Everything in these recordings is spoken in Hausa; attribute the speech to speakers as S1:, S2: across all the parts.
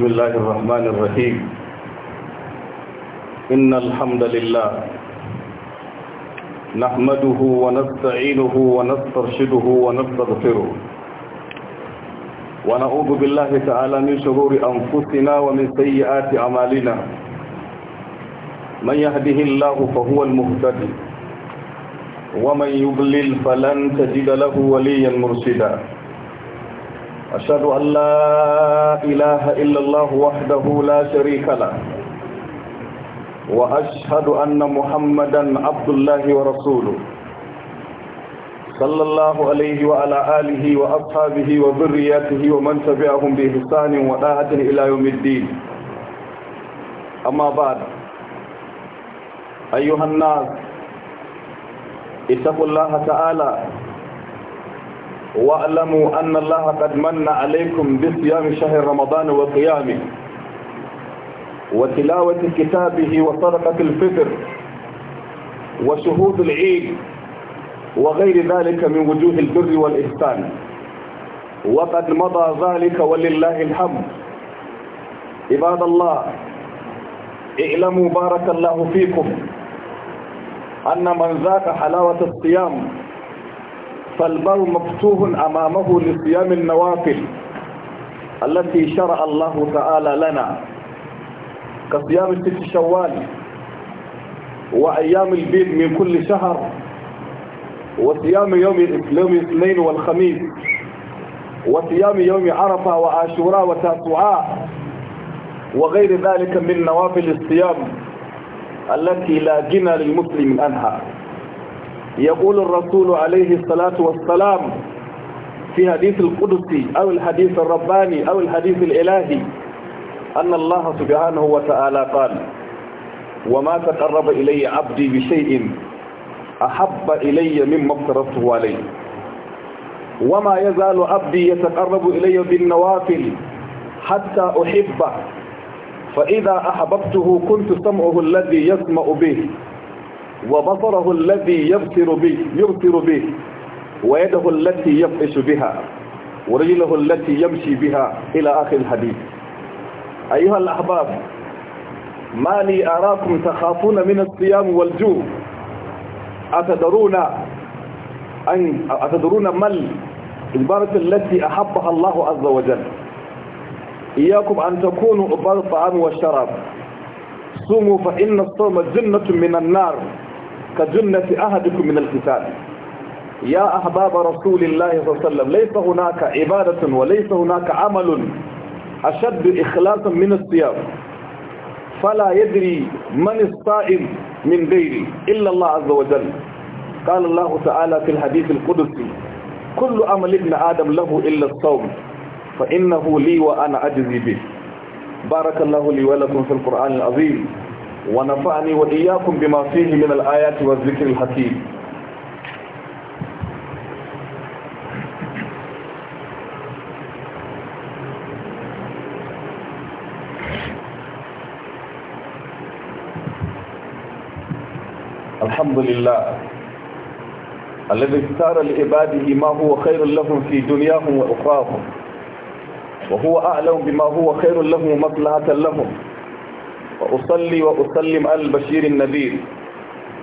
S1: بسم الله الرحمن الرحيم إن الحمد لله نحمده ونستعينه ونسترشده ونستغفره ونعوذ بالله تعالى من شرور أنفسنا ومن سيئات أعمالنا من يهده الله فهو المهتدي ومن يضلل فلن تجد له وليا مرشدا أشهد أن لا إله إلا الله وحده لا شريك له وأشهد أن محمدا عبد الله ورسوله صلى الله عليه وعلى آله وأصحابه وذرياته ومن تبعهم بإحسان وطاعة إلى يوم الدين أما بعد أيها الناس اتقوا الله تعالى واعلموا أن الله قد من عليكم بصيام شهر رمضان وقيامه وتلاوة كتابه وصدقة الفطر وشهود العيد وغير ذلك من وجوه البر والإحسان وقد مضى ذلك ولله الحمد عباد الله اعلموا بارك الله فيكم أن من ذاق حلاوة الصيام فالبر مفتوح أمامه لصيام النوافل التي شرع الله تعالى لنا كصيام ست شوال وأيام البيض من كل شهر وصيام يوم الاثنين والخميس وصيام يوم عرفة وعاشوراء وتاسعاء وغير ذلك من نوافل الصيام التي لا جنى للمسلم عنها يقول الرسول عليه الصلاة والسلام في حديث القدسي أو الحديث الرباني أو الحديث الإلهي أن الله سبحانه وتعالى قال وما تقرب إلي عبدي بشيء أحب إلي مما افترضته عليه وما يزال عبدي يتقرب إلي بالنوافل حتى أحبه فإذا أحببته كنت سمعه الذي يسمع به وبصره الذي يبصر به يبصر به ويده التي يبطش بها ورجله التي يمشي بها إلى آخر الحديث أيها الأحباب ما لي أراكم تخافون من الصيام والجوع أتدرون أن أتدرون ما البركه التي أحبها الله عز وجل إياكم أن تكونوا عبارة الطعام والشراب صوموا فإن الصوم جنة من النار كجنة أحدكم من القتال يا أحباب رسول الله صلى الله عليه وسلم ليس هناك عبادة وليس هناك عمل أشد إخلاصا من الصيام فلا يدري من الصائم من غيري إلا الله عز وجل قال الله تعالى في الحديث القدسي كل عمل ابن آدم له إلا الصوم فإنه لي وأنا أجزي به بارك الله لي ولكم في القرآن العظيم ونفعني وإياكم بما فيه من الآيات والذكر الحكيم الحمد لله الذي اختار لعباده ما هو خير لهم في دنياهم وأخراهم وهو أعلم بما هو خير لهم ومصلحة لهم وأصلي وأسلم على البشير النذير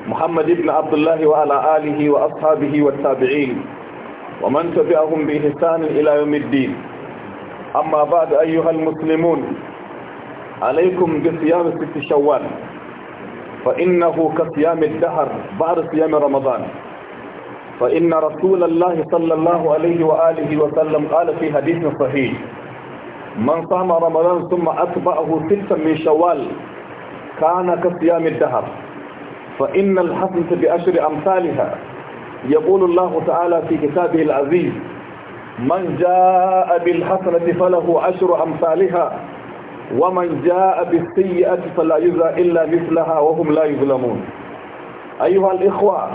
S1: محمد بن عبد الله وعلى آله وأصحابه والتابعين ومن تبعهم بإحسان إلى يوم الدين أما بعد أيها المسلمون عليكم بصيام ست شوال فإنه كصيام الدهر بعد صيام رمضان فإن رسول الله صلى الله عليه وآله وسلم قال في حديث صحيح من صام رمضان ثم أتبعه ستا من شوال كان كصيام الدهر فإن الحسنة بأشر أمثالها يقول الله تعالى في كتابه العزيز من جاء بالحسنة فله عشر أمثالها ومن جاء بالسيئة فلا يجزى إلا مثلها وهم لا يظلمون أيها الإخوة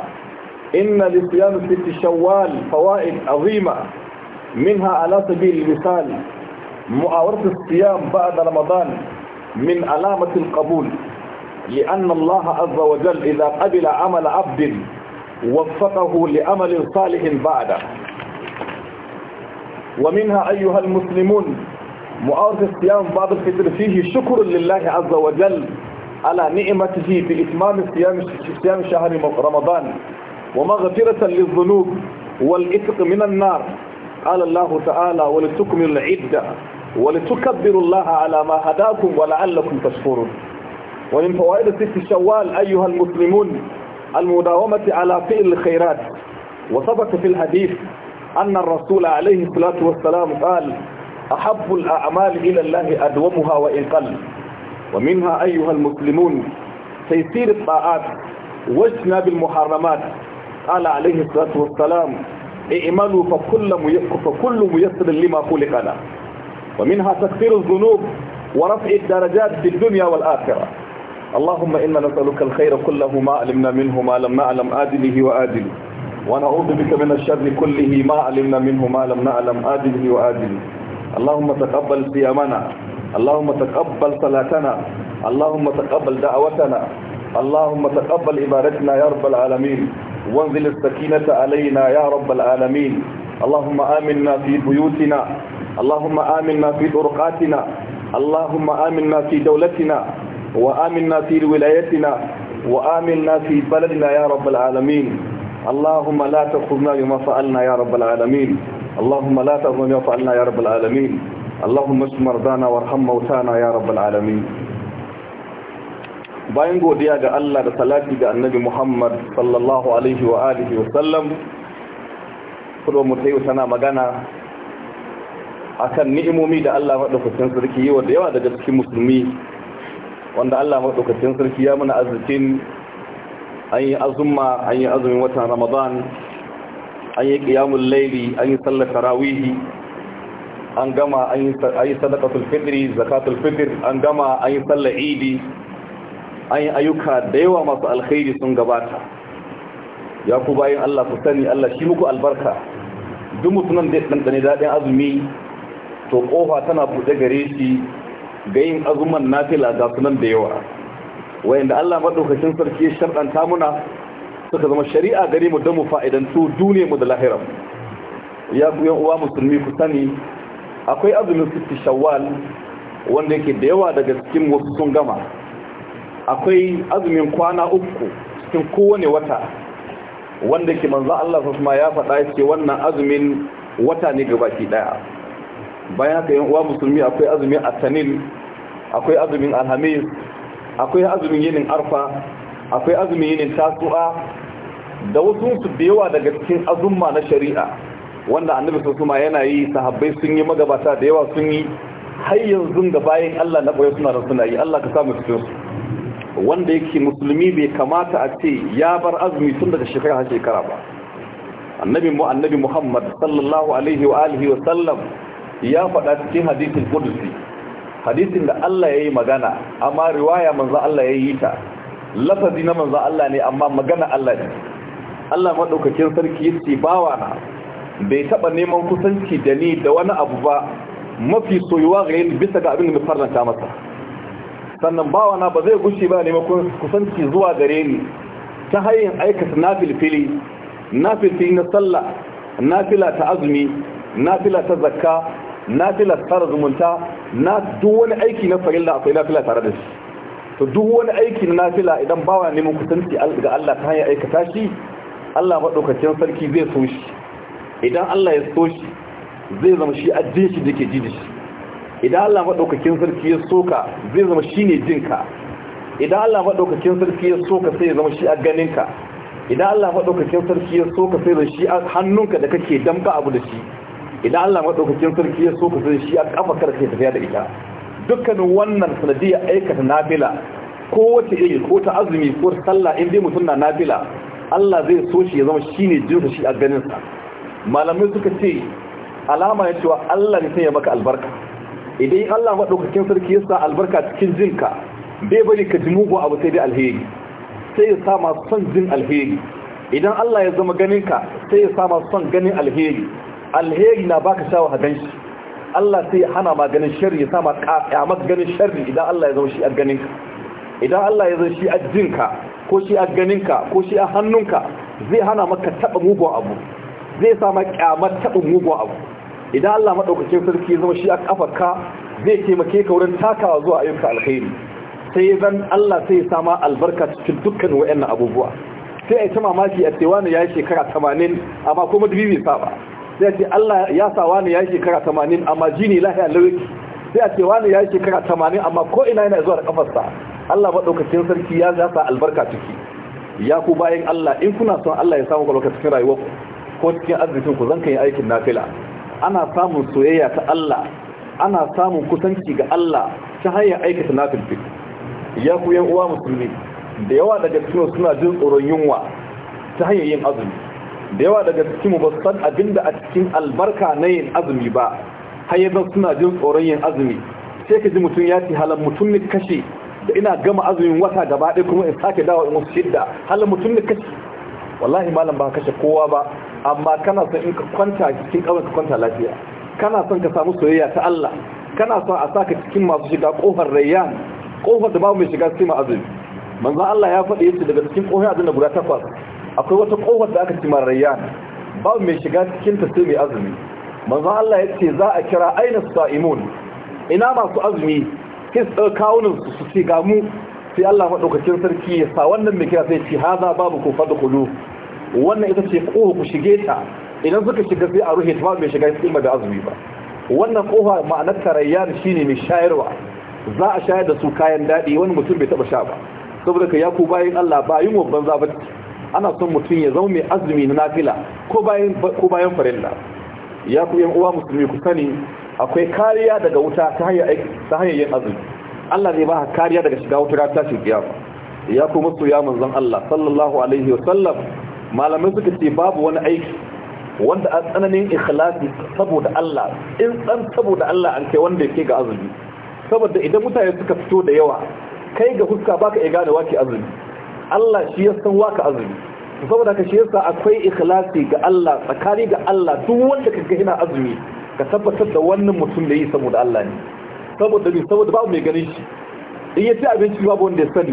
S1: إن لصيام ست شوال فوائد عظيمة منها على سبيل المثال معاورة الصيام بعد رمضان من علامة القبول لأن الله عز وجل إذا قبل عمل عبد وفقه لعمل صالح بعده ومنها أيها المسلمون مؤارض الصيام بعض الفطر فيه شكر لله عز وجل على نعمته بإتمام صيام شهر رمضان ومغفرة للذنوب والإفق من النار قال الله تعالى ولتكمل العدة ولتكبروا الله على ما هداكم ولعلكم تشكرون ومن فوائد ست شوال أيها المسلمون المداومة على فعل الخيرات وثبت في الحديث أن الرسول عليه الصلاة والسلام قال أحب الأعمال إلى الله أدومها وإن قل ومنها أيها المسلمون تيسير الطاعات واجتناب المحرمات قال عليه الصلاة والسلام اعملوا فكل فكل ميسر لما خلق له ومنها تكثير الذنوب ورفع الدرجات في الدنيا والآخرة اللهم إنا نسألك الخير كله ما علمنا منه ما لم نعلم آدله وآدله ونعوذ بك من الشر كله ما علمنا منه ما لم نعلم آدله وآدله اللهم تقبل صيامنا اللهم تقبل صلاتنا اللهم تقبل دعوتنا اللهم تقبل عبادتنا يا رب العالمين وانزل السكينة علينا يا رب العالمين اللهم آمنا في بيوتنا اللهم آمنا في طرقاتنا اللهم آمنا في دولتنا وآمنا في ولايتنا وآمنا في بلدنا يا رب العالمين اللهم لا تخذنا بما فعلنا يا رب العالمين اللهم لا تخذنا بما فعلنا يا رب العالمين اللهم اشف مرضانا وارحم موتانا يا رب العالمين bayan godiya ga Allah da salati ga Annabi Muhammad sallallahu alaihi wa alihi wa sallam kuma mu tayi tana magana akan ni'imomi da Allah madaukakin sarki yi wa da yawa daga cikin musulmi wanda Allah maɗaukacin sarki ya muna arzikin an yi azumma an yi azumin watan ramadan an yi ƙiyamun laili an yi sallar rawihi an gama an yi sadakatul fitri zakatul fitr an gama an yi sallar idi an yi ayyuka da yawa masu alkhairi sun gabata ya ku bayan Allah ku sani Allah shi muku albarka duk mutumin da ya ɗanɗane daɗin azumi to ƙofa tana buɗe gare shi ga yin azuman nafila ga sunan da yawa wayanda Allah madaukakin sarki ya sharɗanta muna suka zama shari'a gare mu don mu fa'idantu duniyar mu da lahira ya ku yan uwa musulmi ku sani akwai azumin sitti shawwal wanda yake da yawa daga cikin wasu sun gama akwai azumin kwana uku cikin kowane wata wanda ke manzo Allah wasallam ya faɗa yake wannan azumin wata ne gabaki daya bayan haka yan uwa musulmi akwai azumin asanil akwai azumin alhamis akwai azumin yinin arfa akwai azumin yinin tasu'a da wasu su da yawa daga cikin azumma na shari'a wanda annabi sosuma yana yi sahabbai sun yi magabata da yawa sun yi har yanzu da bayan Allah na ɓoye suna da suna yi Allah ka sa mu cikin wanda yake musulmi bai kamata a ce ya bar azumi tun daga shekara har shekara ba annabi mu annabi Muhammad sallallahu alaihi wa alihi wa sallam ya faɗa cikin hadisin kudusi hadisin da Allah ya yi magana amma riwaya manzo Allah ya yi ta lafazi na manzo Allah ne amma magana Allah ne Allah maɗaukakin sarki yace bawa na bai taba neman kusanci da ni da wani abu ba mafi soyuwa ga yin bisa ga abin da faranta masa sannan bawa na ba zai gushi ba neman kusanci zuwa gare ni ta hanyar aikata nafil fili nafil fili na sallah nafila ta azumi nafila ta zakka Na fila tsara zumunta na duk wani aiki na farilla akwai fila tare da shi to duk wani aiki na fila idan bawa neman kusanci ga Allah ta hanyar aikata shi Allah maɗaukacin sarki zai so shi idan Allah ya so shi zai zama shi addin shi da ke ji da shi idan Allah maɗaukacin sarki ya so ka zai zama shi ne jinka idan Allah maɗaukacin sarki ya so ka sai ya zama shi a ganinka idan Allah maɗaukacin sarki ya so ka sai da shi a hannunka da kake damka abu da shi idan Allah madaukakin sarki ya so ka sai shi a kafa kar tafiya da ita dukkanin wannan sanadiyya aikata nafila ko wace iri ko ta azumi ko sallah in dai mutum na nafila Allah zai so shi ya zama shine jinsa shi a ganin sa malamai suka ce alama ne cewa Allah ne sai ya maka albarka idan Allah madaukakin sarki ya sa albarka cikin jinka bai bari ka ji mugu abu sai dai alheri sai ya sa masu son jin alheri idan Allah ya zama ganinka sai ya sa masu son ganin alheri alheri na baka shawo hadan shi Allah sai ya hana ma ganin sharri ya sama kafiyamar ganin sharri idan Allah ya zama shi a ganinka idan Allah ya zama shi a jinka ko shi a ganinka ko shi a hannunka zai hana maka taɓa mugun abu zai sama kyamar taɓa mugun abu idan Allah maɗaukacin sarki ya zama shi a kafarka zai taimake ka wurin takawa zuwa ayyuka alheri sai zan Allah sai ya sama albarka cikin dukkan wa'annan abubuwa sai a yi ta mamaki a cewa ya yi shekara 80 amma kuma dubi bai saba sai ce Allah ya sa wani ya yi shekara 80 amma jini lahiya lawiki sai a ce wani ya yi shekara 80 amma ko ina yana zuwa da kafarsa Allah madaukakin sarki ya sa albarka ciki ya ku bayan Allah in kuna son Allah ya samu albarka cikin rayuwarku ko cikin arzikin ku zan kai aikin nafila ana samun soyayya ta Allah ana samun kusanci ga Allah ta hanyar aikata nafilfil ya ku yan uwa musulmi da yawa daga cikin suna jin tsoron yunwa ta hanyar yin azumi da yawa daga cikin mu ba san abinda a cikin albarka na yin azumi ba har yanzu suna jin tsoron yin azumi sai ka ji mutum ya ce halan mutum ne kashe da ina gama azumin wata gaba ɗaya kuma in sake dawo in wasu shidda halan mutum ne kashe wallahi malam ba kashe kowa ba amma kana son in ka kwanta cikin ƙawar ka kwanta lafiya kana son ka samu soyayya ta Allah kana son a saka cikin masu shiga kofar rayyan kofar da babu mai shiga sai ma azumi manzo Allah ya faɗi yace daga cikin kofar azumi guda takwas akwai wata kofar da aka ci marayyan babu mai shiga cikin ta sai mai azumi manzo Allah ya ce za a kira aina sa'imun ina masu azumi kis kawunan su su ce ga mu sai Allah madaukakin sarki ya sa wannan mai kira sai ce haza babu ku kudu wannan ita ce kofa ku shige ta idan suka shiga sai a ruhe ta ba mai shiga cikin da azumi ba wannan kofa ma'anar tarayyan shine mai shayarwa za a shayar da su kayan daɗi wani mutum bai taba sha ba saboda ka yaku bayin Allah ba bayin wabban zaba ana son mutum ya zama mai azumi na nafila ko bayan ko bayan farilla ya ku yan uwa musulmi ku sani akwai kariya daga wuta ta hanyar ta yin azumi Allah zai ba kariya daga shiga wuta ta tashi kiyama ya ku musu ya manzon Allah sallallahu alaihi wa sallam malamai suka ce babu wani aiki wanda a tsananin ikhlasi saboda Allah in san saboda Allah an kai wanda yake ga azumi saboda idan mutane suka fito da yawa kai ga huska baka iya gane wace azumi Allah shi ya san waka azumi saboda ka shi yasa akwai ikhlasi ga Allah tsakani ga Allah duk wanda ka ga yana azumi ka tabbatar da wannan mutum da yi saboda Allah ne saboda bi saboda babu mai ganin shi in ya ci abinci babu wanda ya sani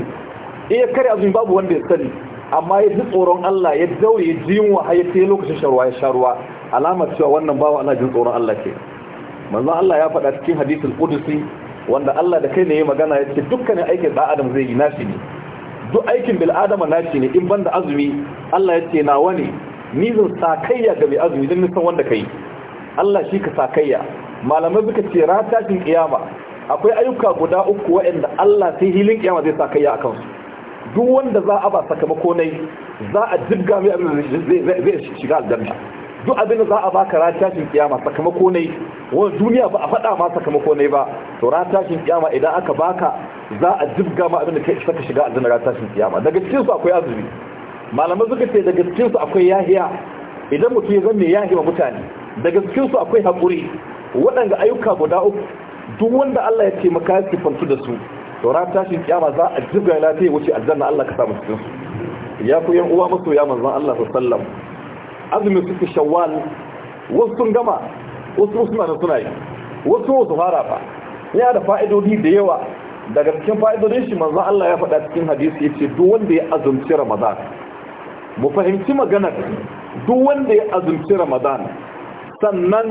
S1: in ya kare azumi babu wanda ya sani amma ya ji tsoron Allah ya daure ya ji yunwa har ya sai lokacin sharuwa ya sharuwa alama cewa wannan bawa ana jin tsoron Allah ke manzon Allah ya faɗa cikin hadisul qudsi wanda Allah da kai ne ya magana ya ce dukkanin aikin da Adam zai yi nashi ne duk aikin bil adama naci ne in banda azumi Allah ya ce nawa ne ni zan sakayya ga mai azumi dan nisan wanda kai Allah shi ka sakayya malamai suka ce rata cikin kiyama akwai ayyuka guda uku waɗanda Allah sai hilin kiyama zai sakayya akan su duk wanda za a ba sakamako nai za a jibga mai abin zai shiga aljanna duk abin da za a baka ratashin kiyama sakamako nai wani duniya ba a faɗa ma sakamako nai ba to ratashin kiyama idan aka baka za a jibga ma abin da kai isa ka shiga a ran tashin siyama daga cikin su akwai azumi malamai suka ce daga cikin su akwai yahiya idan mutum ya zama yahi wa mutane daga cikin su akwai hakuri waɗanda ayyuka guda uku duk wanda Allah ya ce maka ya sifantu da su to ran tashin kiyama za a jibga lafiya wuce aljanna Allah ka samu cikin su ya ku yan uwa ya manzon Allah sallallahu alaihi wasallam azumin suka shawwal wasu sun gama wasu suna da suna yi wasu wasu fara ba yana da fa'idodi da yawa daga cikin fa'idodin shi manzo Allah ya faɗa cikin hadisi yace duk wanda ya azumci Ramadan mu fahimci maganar duk wanda ya azumci Ramadan sannan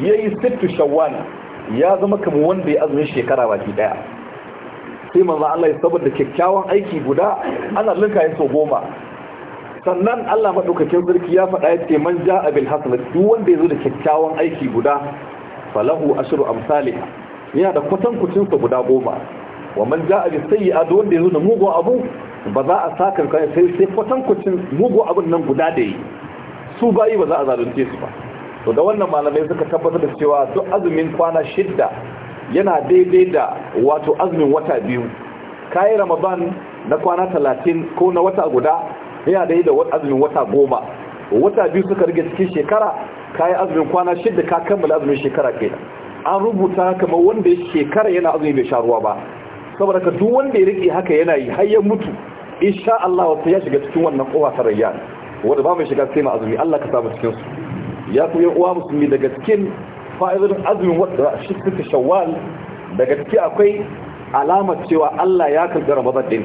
S1: ya yayi sittu shawwal ya zama kamar wanda ya azumin shekara baki daya sai manzo Allah ya saboda kyakkyawan aiki guda ana linka yin goma sannan Allah maɗaukakin sarki ya faɗa yace man ja bil hasanat duk wanda ya zo da kyakkyawan aiki guda falahu ashru amsalih yana da kwatankucinsa guda goma wa man ja'a bi sayyi'a da wanda ya da mugun abu ba za a saka kai sai sai kwatankucin mugo abun nan guda da yi su bai ba za a zalunce su ba to da wannan malamai suka tabbatar da cewa duk azumin kwana shidda yana daidai da wato azumin wata biyu kayi ramadan na kwana talatin ko na wata guda yana daidai da azumin wata goma wata biyu suka rage cikin shekara kayi azumin kwana shidda ka kammala azumin shekara kenan an rubuta kamar wanda shekara yana azumi bai sha ruwa ba saboda ka duk wanda ya rike haka yana yi har ya mutu insha Allah wa ya shiga cikin wannan kowa ta rayyan wanda ba mai shiga sai azumi Allah ka samu cikin su ya ku yan uwa musulmi daga cikin fa'idodin azumin wata shi cikin shawwal daga ciki akwai alamar cewa Allah ya kalbi Ramadan din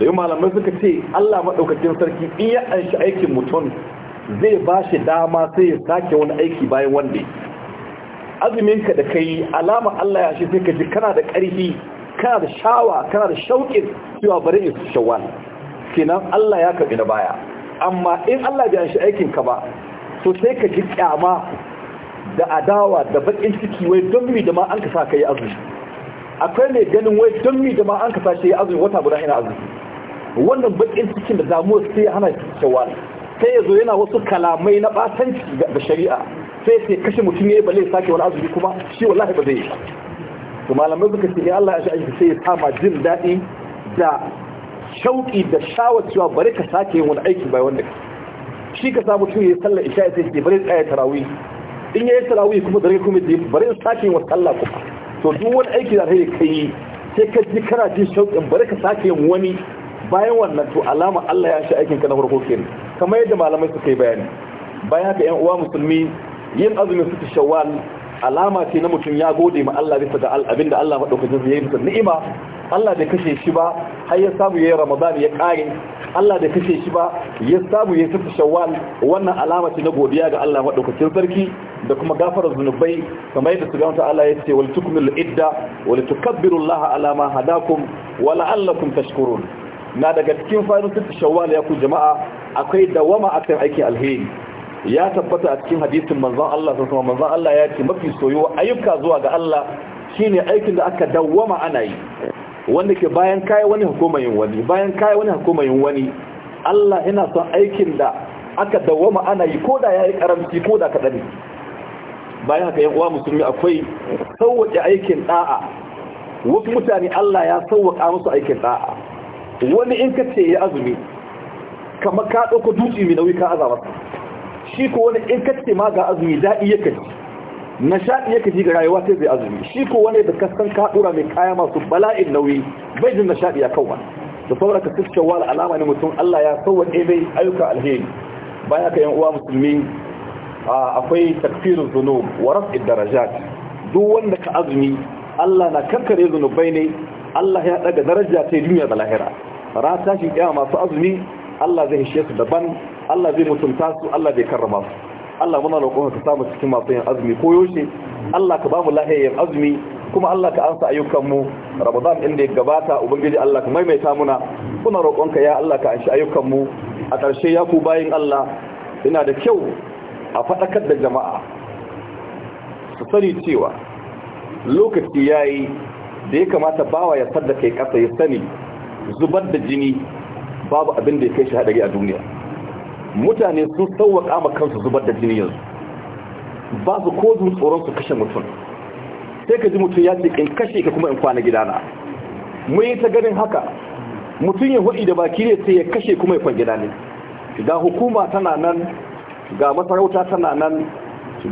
S1: da yi malamai suka ce Allah madaukakin sarki in ya anshi aikin mutum zai ba shi dama sai ya sake wani aiki bayan wanda azumin ka da kai alama Allah ya shi sai ka ji kana da ƙarfi kana da shawa kana da shauƙin cewa bari in shawwal kenan Allah ya kabi na baya amma in Allah bai shi aikin ka ba to sai ka ji kyama da adawa da bakin ciki wai don mi da ma an ka sa yi azumi akwai ne ganin wai don mi da ma an ka sa shi azumi wata guda ina azumi wannan bakin cikin da damuwa sai hana shawwal sai ya yana wasu kalamai na batanci ga shari'a sai sai kashe mutum yayi balle sake wani azumi kuma shi wallahi ba zai yi to malamai suka ce Allah ya shi aiki sai ya kama jin daɗi da shauki da shawar cewa bari ka sake yin wani aiki bai wanda shi ka samu shi ya sallar isha ya sai bari tsaya tarawi in ya yi tarawi kuma dare kuma ya bari sake yin wasu sallah kuma to duk wani aiki da ka kai sai ka ji kana jin shauƙin bari ka sake yin wani bayan wannan to alama Allah ya shi aikin ka na farko kenan kamar yadda malamai suka yi bayani bayan haka yan uwa musulmi yin azumin suka shawwal alama ce na mutum ya gode ma Allah bisa ga abinda Allah madaukakin ya yi bisa ni'ima Allah da kashe shi ba har ya samu yi Ramadan ya kare Allah da kashe shi ba ya samu ya suka shawwal wannan alama ce na godiya ga Allah maɗaukacin sarki da kuma gafarar zunubai kamar yadda subhanahu Allah ya ce wal tukmilu idda wal tukabbiru Allah ala ma hadakum wa la'allakum tashkurun na daga cikin fa'idun suka shawwal ya ku jama'a akwai dawama akan aikin alheri ya tabbata a cikin hadisin manzon Allah sun sama manzon Allah ya ce mafi soyuwa ayyuka zuwa ga Allah shine aikin da aka dawwama ana yi wanda ke bayan kai wani hukumayin wani bayan kai wani hukumayin wani Allah yana son aikin da aka dawwama ana yi ko da yayi karamci ko da kadan bayan haka yan uwa musulmi akwai sauwaƙe aikin da'a wasu mutane Allah ya sauwaƙa musu aikin da'a wani in ka ce ya azumi kamar ka ɗauka dutse mai nauyi ka aza shi ko wani in ka ce ma ga azumi daɗi ya kaji nishaɗi ya kaji ga rayuwa ta zai azumi shi ko wani da kasan ka ɗora mai kaya masu bala'in nauyi bai jin nishaɗi a kawai da saboda ka cikin wani alama ne mutum Allah ya sauwaƙe mai ayyuka alheri baya ka yan uwa musulmi akwai takfirin zunub wa rafi darajat duk wanda ka azumi Allah na kankare zunubai ne Allah ya daga daraja ta duniya da lahira ra tashin kiyama masu azumi Allah zai hishe su daban Allah zai mutunta su Allah zai karrama su Allah muna roƙon ka samu cikin masu yin azumi ko yaushe Allah ka ba mu lahiyar azumi kuma Allah ka ansa ayyukan mu Ramadan inda ya gabata ubangiji Allah ka maimaita muna muna roƙon ka ya Allah ka anshi ayyukan mu a ƙarshe ya ku bayin Allah yana da kyau a faɗakar da jama'a su sani cewa lokaci yayi da ya kamata bawa ya sadda kai ƙasa ya sani zubar da jini babu abin da ya kai shi haɗari a duniya mutane sun sauwaka ma kansu zubar da jini yanzu ba su ko zuwa tsoron su kashe mutum sai ka ji mutum ya ce in kashe ka kuma in kwana gidana mun yi ta ganin haka mutum ya hudu da baki ne sai ya kashe kuma ya kwan gida ne ga hukuma tana nan ga masarauta tana nan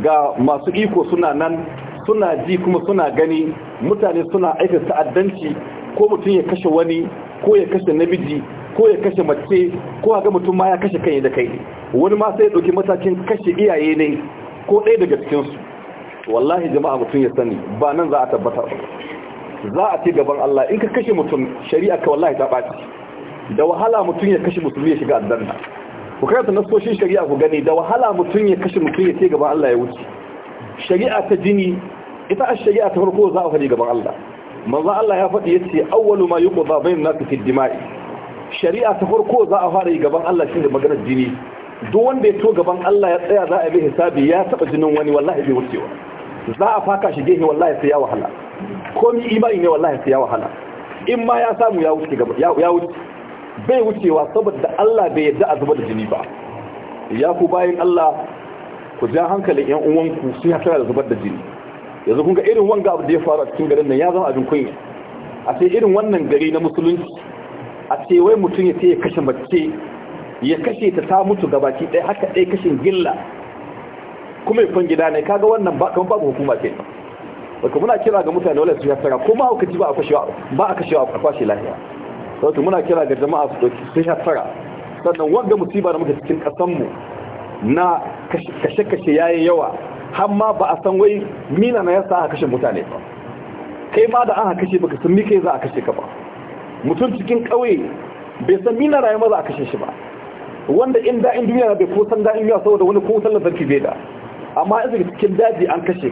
S1: ga masu iko suna nan suna ji kuma suna gani mutane suna aikin ta'addanci ko mutum ya kashe wani ko ya kashe namiji ko ya kashe mace ko ga mutum ma ya kashe kanyi da kai wani ma sai ya ɗauki matakin kashe iyaye ne ko ɗaya daga cikinsu wallahi jama'a mutum ya sani ba nan za a tabbatar za a ce gaban Allah in ka kashe mutum shari'a ka wallahi ta baci da wahala mutum ya kashe musulmi ya shiga aljanna ku kai karanta nasoshin shari'a ku gani da wahala mutum ya kashe mutum ya ce gaban Allah ya wuce shari'a ta jini ita a shari'a ta farko za a fadi gaban Allah manzo Allah ya faɗi yace awwalu ma yuqda bainan nasi fi dima'i shari'a ta farko za a fara yi gaban Allah shi da maganar jini duk wanda ya to gaban Allah ya tsaya za a bi hisabi ya taba jinin wani wallahi bai wucewa za a faka shi gehe wallahi sai ya wahala mi imani ne wallahi sai ya wahala in ma ya samu ya wuce gaba ya wuce bai wucewa saboda Allah bai yadda a zuba da jini ba ya ku bayin Allah ku ja hankalin yan uwanku su ya da zubar da jini yanzu kun ga irin wanga abu da ya faru a cikin garin nan ya zama abin kunya a sai irin wannan gari na musulunci a ce wai mutum ya ce ya kashe mace ya kashe ta ta mutu gabaki ɗaya haka ɗaya kashin gilla kuma ya gida ne kaga wannan ba kamar babu hukuma ke wato muna kira ga mutane wala su ya tsara ko ji ba a kashewa ba a kashewa a kwashe lafiya wato muna kira ga jama'a su doki su ya tsara sannan wanda musiba da muke cikin kasan mu na kashe kashe yayi yawa har ma ba a san wai mina na yasa aka kashe mutane ba kai ma da an kashe baka san me kai za a kashe ka ba mutum cikin ƙauye bai san mina rayu maza a kashe shi ba wanda in da'in duniya bai kusan da'in yau saboda wani kusan da zarki bai da amma in cikin daji an kashe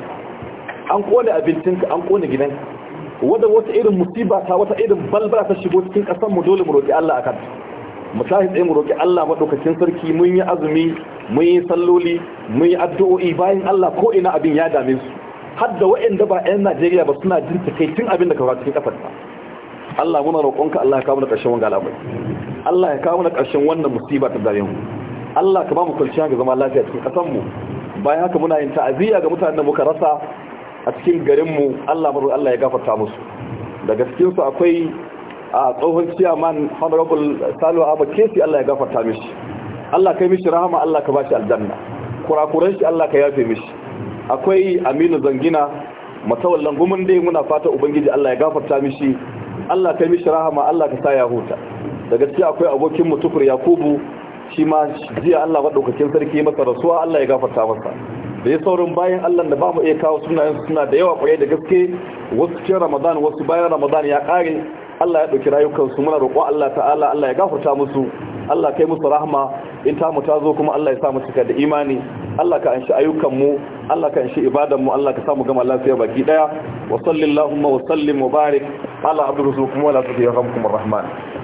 S1: an kone abincinka an kone gidan wadda wata irin musiba ta wata irin balbala ta shigo cikin kasan mu dole mu roƙi Allah akan mu tashi mu roƙi Allah madaukakin sarki mun yi azumi mun yi salloli mun yi addu'o'i bayan Allah ko ina abin ya dame su har da waɗanda ba 'yan Najeriya ba suna jin takaitun abin da ka cikin ƙasar Allah muna roƙonka Allah ya kawo mana ƙarshen wannan al'amari Allah ya kawo mana ƙarshen wannan musiba ta dare mu Allah ka ba mu kwanciya ga zama lafiya cikin ƙasar mu bayan haka muna yin ta'aziyya ga mutanen da muka rasa a cikin garin mu Allah baro Allah ya gafarta musu daga cikin su akwai a tsohon chairman honorable Salu Abba Kesi Allah ya gafarta mishi Allah kai mishi rahama Allah ka bashi aljanna kurakuran shi Allah ka yafe mishi akwai Aminu Zangina matawallan gumin dai muna fata ubangiji Allah ya gafarta mishi Allah kai mishi rahama Allah ka sa ya huta da gaskiya akwai abokin mu tukur yakubu shi ma jiya Allah madaukakin sarki masa rasuwa Allah ya gafarta masa da ya saurin bayan Allah da ba mu iya kawo sunayen suna da yawa kwaye da gaske wasu cikin Ramadan wasu bayan Ramadan ya kare Allah ya dauki su muna roƙo Allah ta'ala Allah ya gafarta musu Allah kai musu rahama in ta mu ta zo kuma Allah ya sa mu cika da imani Allah ka anshi ayyukanmu Allah ka anshi ibadanmu Allah ka samu gama lafiya baki daya wa sallallahu wa sallim wa barik ala abdur zukum wa la tuhiyakum rahman